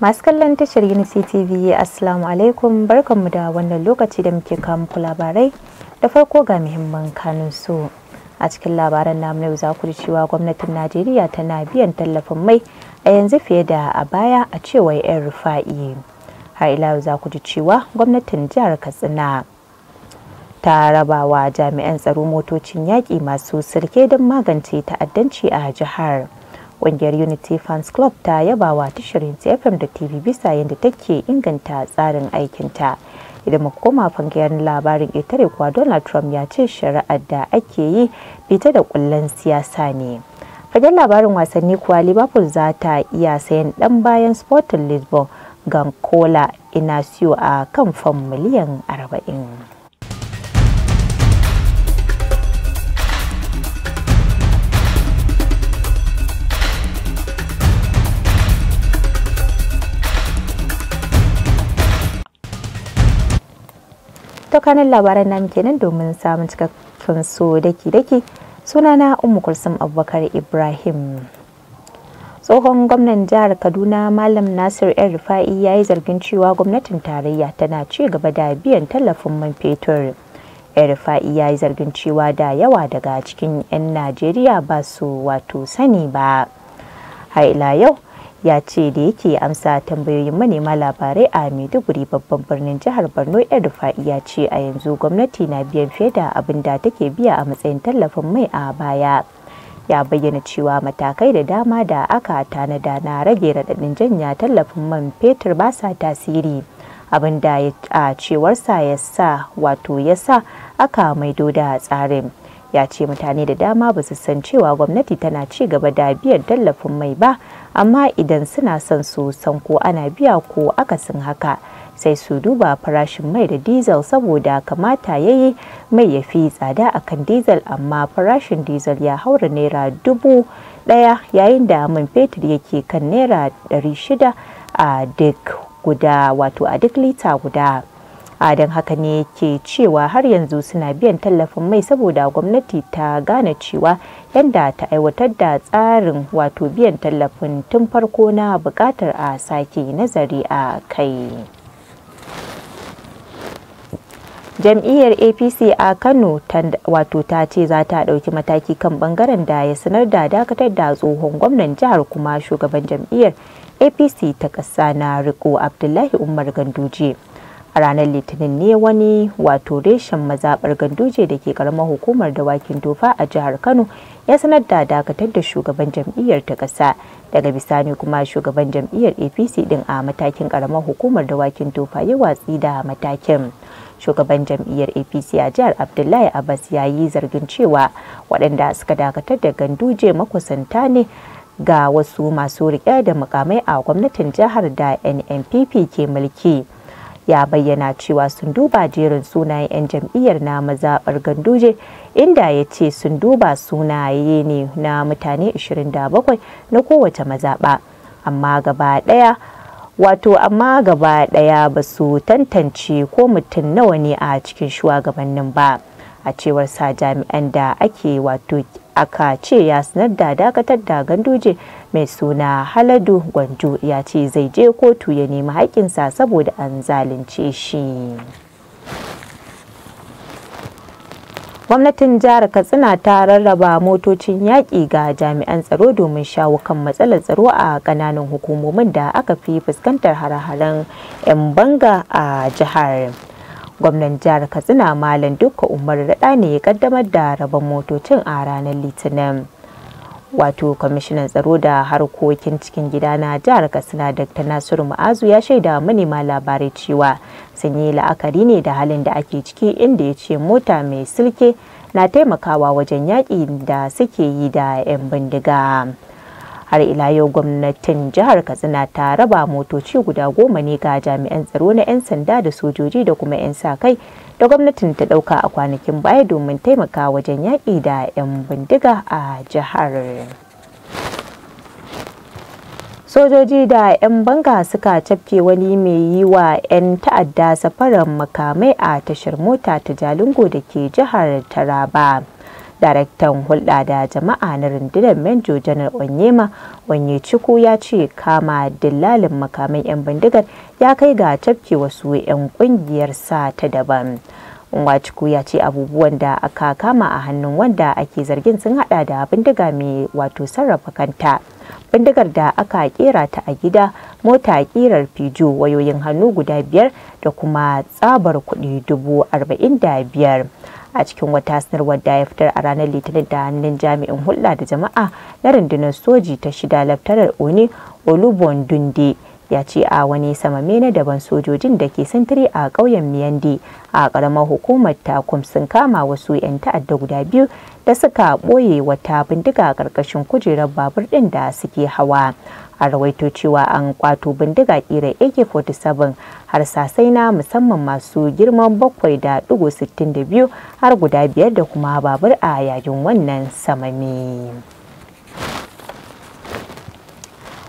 masu kallon tashar unity tv assalamu alaikum barkanmu da wannan lokaci da muke kama ku labarai da farko ga muhimman kanun su a cikin labaran namu yau za ji cewa gwamnatin najeriya tana biyan tallafin mai a yanzu fiye da a baya a cewar yan rufa'i har ila yau za ku ji cewa gwamnatin jihar katsina ta rabawa jami'an tsaro motocin yaƙi masu sirke don magance ta'addanci a jihar. Ƙungiyar Unity Fans Club ta yaba wa tashirin FM da TV bisa yadda take inganta tsarin aikinta. Idan muka koma fangiyar labarin ƙetare kuwa Donald Trump ya ce shari'ar da ake yi fita da kullen siyasa ne. Fagen labarin wasanni kuwa Liverpool za ta iya sayan ɗan bayan Sporting Lisbon Gankola Inacio a kan fam miliyan 40. to labaran namu kenan domin samun cikakken so daki-daki sunana umu kulsum abubakar ibrahim tsohon gwamnan jihar kaduna malam nasir yan rufa'i ya yi zargin cewa gwamnatin tarayya tana ci gaba da biyan tallafin man fetur yan rufa'i ya yi zargin cewa da yawa daga cikin 'yan najeriya ba su wato sani ba haila yau ya ce da yake amsa tambayoyin manema labarai a maiduguri babban birnin jihar borno yar rufa'i ya ce a yanzu gwamnati na biyan fiye da abin da take biya a matsayin tallafin mai a baya ya bayyana cewa matakai da dama da aka tanada na rage raɗaɗin janya tallafin man fetur ba sa tasiri abin da a sa ya sa wato ya sa aka maido da tsarin ya ce mutane da dama ba su san cewa gwamnati tana ci gaba da biyan tallafin mai ba amma idan suna son su san ko ana biya ko akasin haka sai su duba farashin mai da diesel saboda kamata ya yi mai ya fi tsada akan diesel amma farashin diesel ya haura naira dubu daya yayin da man fetur yake kan naira 600 a duk guda wato a duk lita guda adan haka ne ke cewa har yanzu suna biyan tallafin mai saboda gwamnati ta gane cewa yadda ta aiwatar da tsarin wato biyan tallafin tun farko na bukatar a sake nazari a kai jam'iyyar apc a kano wato ta ce za ta ɗauki mataki kan bangaren da ya sanar da dakatar da tsohon gwamnan jihar kuma shugaban jam'iyyar apc ta ƙasa na riko abdullahi umar ganduje a ranar litinin ne wani wato reshen mazaɓar ganduje da ke karamar hukumar dawakin tofa a jihar kano ya sanar da dakatar da shugaban jam'iyyar ta ƙasa daga bisani kuma shugaban jam'iyyar apc din a matakin karamar hukumar dawakin tofa ya watsi da matakin shugaban jam'iyyar apc a jihar abdullahi abbas ya yi zargin cewa waɗanda suka dakatar da ganduje makusanta ne ga wasu masu riƙe da mukamai a gwamnatin jihar da nnpp ke mulki. ya bayyana cewa sun duba jerin sunayen 'yan jam'iyyar na mazaɓar ganduje inda ya ce sun duba sunaye ne na mutane 27 na kowace mazaɓa amma gaba ɗaya wato amma gaba ɗaya ba su tantance ko mutum nawa ne a cikin shugabannin ba a cewar sa jami'an da ake wato aka ce ya sanar da dakatar da ganduje mai suna haladu gwanjo ya ce zai je kotu ya nemi haƙƙinsa saboda an zalunce shi gwamnatin jihar katsina ta rarraba motocin yaƙi ga jami'an tsaro domin shawo kan matsalar tsaro a ƙananan hukumomin da aka fi fuskantar hare-haren 'yan banga a jihar. gwamnan jihar katsina malam dukka umar rada ne ya kaddamar da rabon motocin a ranar litinin wato kwamishinan tsaro da harkokin cikin gida na jihar katsina dr nasiru ma'azu ya shaida manema labarai cewa sun yi la'akari ne da halin da ake ciki inda ya ce mota mai silke na taimakawa wajen yaƙi da suke yi da 'yan bindiga. har ila yau gwamnatin jihar katsina ta raba motoci guda goma ne ga jami'an tsaro na 'yan sanda da sojoji da kuma 'yan sa kai da gwamnatin ta dauka a kwanakin baya domin taimaka wajen yaƙi da 'yan bindiga a jihar sojoji da 'yan banga suka cafke wani mai yi wa 'yan ta'adda safarar makamai a tashar mota ta jalingo da ke jihar taraba daraktan hulɗa da jama'a na rundunar menjo janar onyema onye ciku ya ce kama dillalin makamin 'yan bindigar ya kai ga tafke wasu 'yan ƙungiyar sa ta daban unwa Nwachuku ya ce abubuwan da aka kama a hannun wanda ake zargin sun hada da bindiga mai wato sarrafa kanta. Bindigar da aka kera ta a gida mota kirar fijo wayoyin hannu guda biyar da kuma tsabar kuɗi dubu arba'in da biyar. a cikin wata sanarwar da ya fitar a ranar litinin da hannun jami'in hulɗa da jama'a na rundunar soji ta shida laftanar oni olubon dunde ya ce a wani samame na daban sojojin da ke sintiri a ƙauyen miyandi a ƙaramar hukumar takum sun kama wasu 'yan ta'adda guda biyu da suka ɓoye wata bindiga a ƙarƙashin kujerar babur ɗin da suke hawa a rawaito cewa an kwato bindiga ƙira ak-47 har sasai na musamman masu girman bakwai da ɗigo 62 har guda biyar da kuma babur a yayin wannan samame.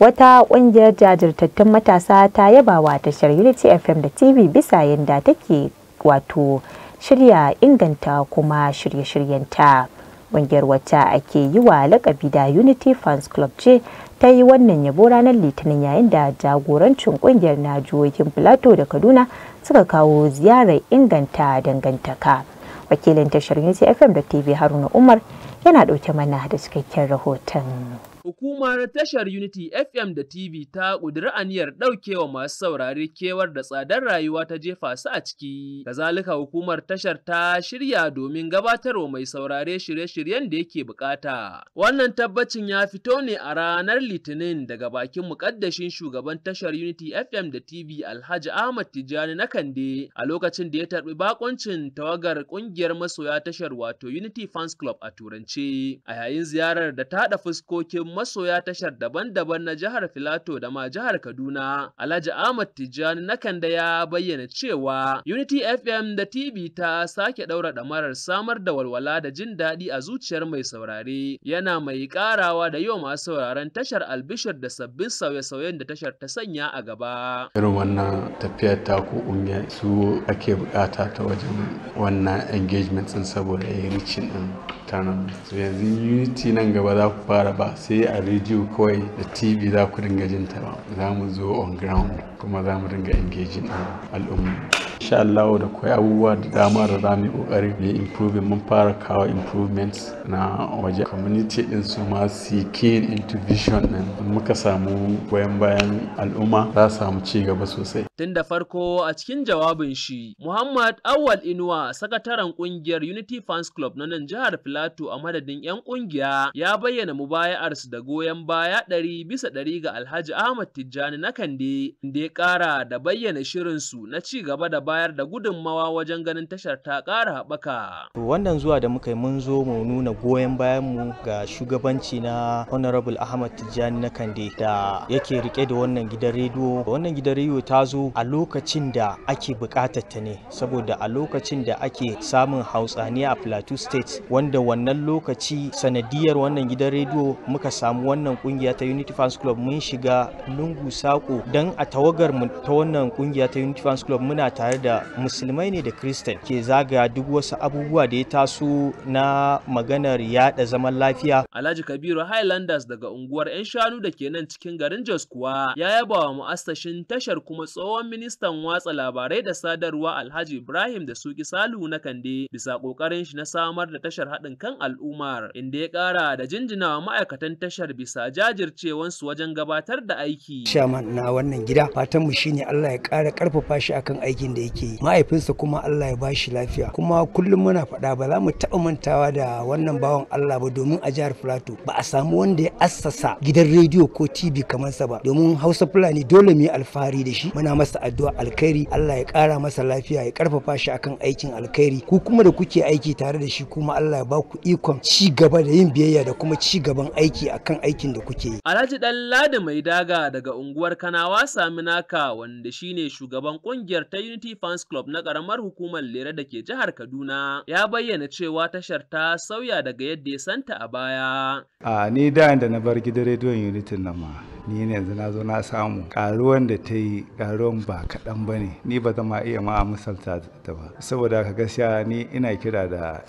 wata kungiyar jajirtattun matasa ta yabawa tashar unity fm da tv bisa yadda take wato shirya inganta kuma shirye-shiryenta kungiyar wata ake yi wa lakabi da unity fans club ce ta yi wannan yabo ranar litinin yayin da jagorancin kungiyar na jihohin plateau da kaduna suka kawo ziyarar inganta dangantaka wakilin tashar unity fm da tv haruna umar yana dauke mana da cikakken rahoton Hukumar tashar Unity FM da TV ta ƙudiri aniyar ɗaukewa masu saurari kewar da tsadar rayuwa ta jefa su a ciki. Kazalika hukumar tashar ta shirya domin gabatarwa mai saurare shirye-shiryen da yake bukata. Wannan tabbacin ya fito ne a ranar Litinin daga bakin muƙaddashin shugaban tashar Unity FM da TV Alhaji Ahmad Tijjani na Kande a lokacin da ya tarbi bakoncin tawagar ƙungiyar masoya tashar wato Unity Fans Club a Turance. A yayin ziyarar da ta haɗa fuskokin masoya tashar daban-daban na jihar Filato da ma jihar Kaduna. Alhaji Ahmad Tijjani na Kanda ya bayyana cewa Unity FM da TV ta sake ɗaura ɗamarar samar da walwala da jin daɗi a zuciyar mai saurare. Yana mai ƙarawa da yau masu sauraron tashar Albishir da sabbin sauye-sauyen da tashar ta sanya a gaba. Irin wannan tafiyar ta ko ungiya su ake bukata ta wajen wannan engagement din saboda ya yi ricin tanan. Yanzu Unity nan gaba za ku fara ba sai dai a rediyo kawai da tv za ku dinga jin ta ba za mu zo on ground kuma za mu dinga engaging al'umma insha Allah da kwai abubuwa da dama da za mu yi kokari mu improving mun fara kawo improvements na waje community din su ma su keen into vision din muka samu goyon bayan al'umma za samu ci gaba sosai tun da farko a cikin jawabin shi Muhammad Awal Inuwa sakataren kungiyar Unity Fans Club na nan jihar Plateau a madadin yan kungiya ya bayyana mubaya'arsu da goyon baya ɗari bisa ɗari ga Alhaji Ahmad Tijjani na Kande da ya ƙara da bayyana shirin su na ci gaba da bayar da gudunmawa wajen ganin tashar ta ƙara haɓaka. Wannan zuwa da muka yi mun zo mu nuna goyon bayan mu ga shugabanci na Honorable Ahmad Tijjani na Kande da yake rike da wannan gidan rediyo. Wannan gidan rediyo ta zo a lokacin da ake buƙatar ta ne saboda a lokacin da ake samun hautsaniya a Plateau State wanda wannan lokaci sanadiyar wannan gidan rediyo muka samu wannan kungiya ta Unity Fans Club mun shiga lungu sako don a tawagar mu ta wannan kungiya ta Unity Fans Club muna tare da musulmai ne da kristan ke zagaya duk wasu abubuwa da ya taso na maganar yada zaman lafiya alhaji kabiru highlanders daga unguwar 'yan shanu da ke nan cikin garin jos kuwa ya yaba wa mu'assashin tashar kuma tsohon ministan watsa labarai da sadarwa alhaji ibrahim da suki salu na kande bisa kokarin shi na samar da tashar haɗin kan al'ummar inda ya ƙara da jinjinawa ma'aikatan tashar bisa jajircewansu wajen gabatar da aiki. Shaman na wannan gida fatan mu shine Allah ya ƙara ƙarfafa shi akan aikin da yake mahaifinsa kuma Allah ya bashi lafiya kuma kullum muna faɗa ba za mu taɓa mantawa da wannan bawan Allah ba domin a jihar Filato ba a samu wanda ya assasa gidan rediyo ko TV kamar sa ba domin Hausa Fulani dole mu yi alfahari da shi muna masa addu'a alkhairi Allah ya ƙara masa lafiya ya ƙarfafa shi akan aikin alkhairi ku kuma da kuke aiki tare da shi kuma Allah ya ba ku ikon ci gaba da yin biyayya da kuma ci gaban aiki akan aikin da kuke yi Alhaji Ɗanladi mai daga daga unguwar Kanawa Saminaka wanda shine shugaban kungiyar ta Unity Fans Club na ƙaramar hukumar Lere da ke jihar Kaduna ya bayyana cewa tashar ta sauya daga yadda ya santa a baya. A ni da na bar gidan rediyon Unity nan ma ni ne yanzu na zo na samu karuwan da ta yi karuwan ba kaɗan ba ne ni ba zama iya ma a misalta ta ba saboda ka gaskiya ni ina kira da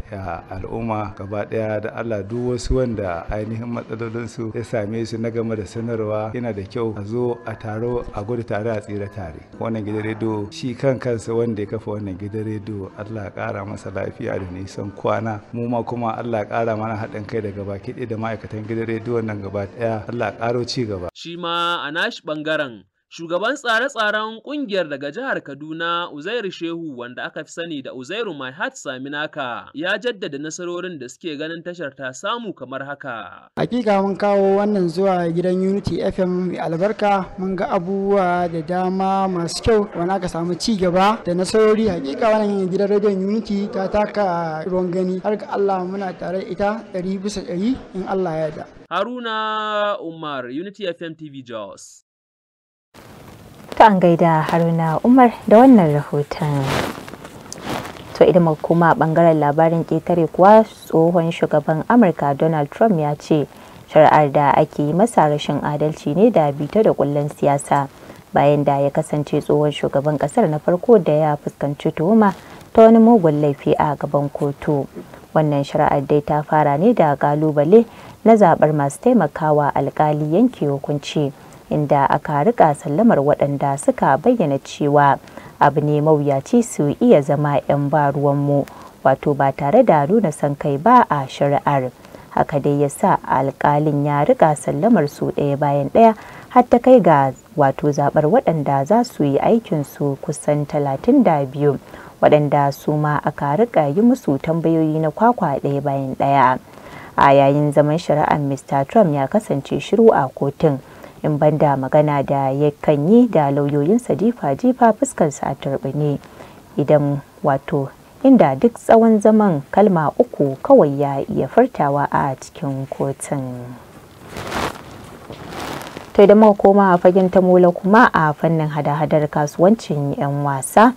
al'umma gaba ɗaya da Allah duk wasu wanda ainihin matsalolinsu ya same su na game da sanarwa yana da kyau a zo a taro a gudu tare a tsira tare wannan gidan rediyo shi kan kansa wanda ya kafa wannan gidan rediyo Allah ya ƙara masa lafiya da nisan kwana mu ma kuma Allah ya ƙara mana haɗin kai daga baki ɗaya da ma'aikatan gidan rediyo nan gaba ɗaya Allah ƙaro ci gaba. Shi ma a nashi ɓangaren, shugaban tsare-tsaren ƙungiyar daga jihar Kaduna Uzairu Shehu wanda aka fi sani da Uzairu My Heart Saminaka ya jaddada nasarorin da suke ganin tashar ta samu kamar haka. Hakika mun kawo wannan zuwa gidan Unity FM mai albarka mun ga abubuwa da dama masu kyau wanda aka samu ci gaba da nasarori hakika wannan gidan rediyon Unity ta taka ruwan gani har ga Allah muna tare ita ɗari bisa ɗari in Allah ya yarda. Haruna Umar Unity FM TV Jos. an gaida Haruna Umar da wannan rahoton. To idan mu kuma bangaren labarin ƙetare kuwa tsohon shugaban Amurka Donald Trump ya ce shari'ar da ake masa rashin adalci ne da bita da kullen siyasa bayan da ya kasance tsohon shugaban kasar na farko da ya fuskanci tuhuma ta wani mugun laifi a gaban kotu. wannan shari'ar dai ta fara ne da galubale na zabar masu taimakawa alkali yanke hukunci inda aka rika sallamar waɗanda suka bayyana cewa abu ne mawuyaci su iya zama 'yan ba ruwanmu wato ba tare da nuna son kai ba a shari'ar haka dai ya sa alkalin ya rika sallamar su ɗaya bayan ɗaya har ta kai ga wato zabar waɗanda za su yi aikinsu kusan 32 waɗanda su ma aka riƙa yi musu tambayoyi na kwakwa ɗaya bayan ɗaya a yayin zaman shari'ar mr trump ya kasance shiru a kotun in banda magana da ya kan yi da lauyoyinsa jifa-jifa fuskarsa a turbine idan wato inda duk tsawon zaman kalma uku kawai ya iya fartawa a cikin kotun. to idan koma a fagen tamola kuma a fannin hada-hadar kasuwancin 'yan wasa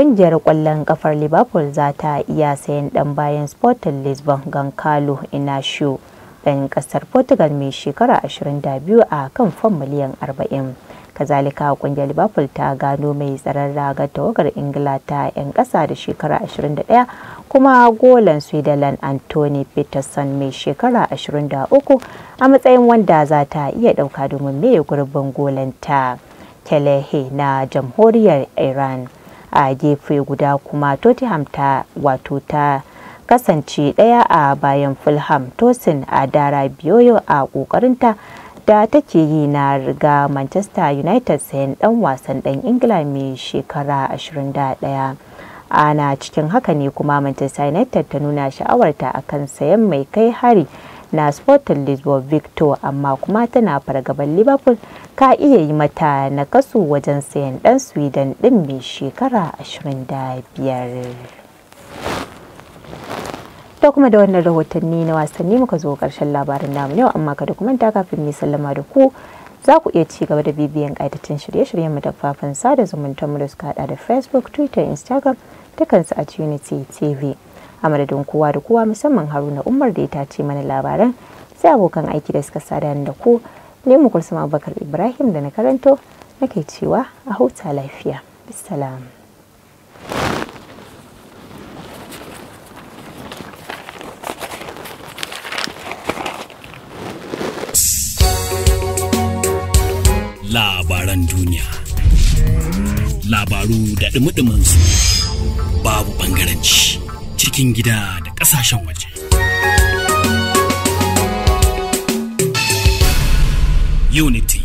kungiyar kwallon kafar liverpool za ta iya sayan dan bayan sporting lisbon gankalo inacio dan kasar portugal mai shekara 22 a kan fam miliyan 40 kazalika kungiyar liverpool ta gano mai tsaron raga tawagar ingila ta 'yan kasa da shekara 21 kuma golan sweden anthony peterson mai shekara 23 a matsayin wanda za ta iya dauka domin mai gurbin golanta kelehe na jamhuriyar iran a gefe guda kuma tottenham ta wato ta kasance ɗaya a bayan fulham tosin a dara biyoyo a ƙoƙarinta da take yi na riga manchester united sayan ɗan wasan ɗan ingila mai shekara 21 ana cikin haka ne kuma manchester united ta nuna sha'awarta a kan sayan mai kai hari na sporting lisbon victor amma kuma tana fargaban liverpool ka iya yi mata na kasu wajen sayan dan sweden din mai shekara 25 da kuma da wannan rahotanni na wasanni muka zo karshen labarin namu yau amma ka kuma ta kafin mai sallama da ku za ku iya ci gaba da bibiyan kaitacin shirye-shiryen mu sada zumuntar mu da suka hada da facebook twitter instagram dukansu a unity tv a madadin kowa da kowa musamman haruna umar da ya tace mana labaran sai abokan aiki da suka sada da ku ne mu kulsum abubakar ibrahim da na karanto nake cewa a huta lafiya bisalam labaran duniya. Labaru da ɗumi su babu ɓangaranci cikin gida da ƙasashen waje. unity.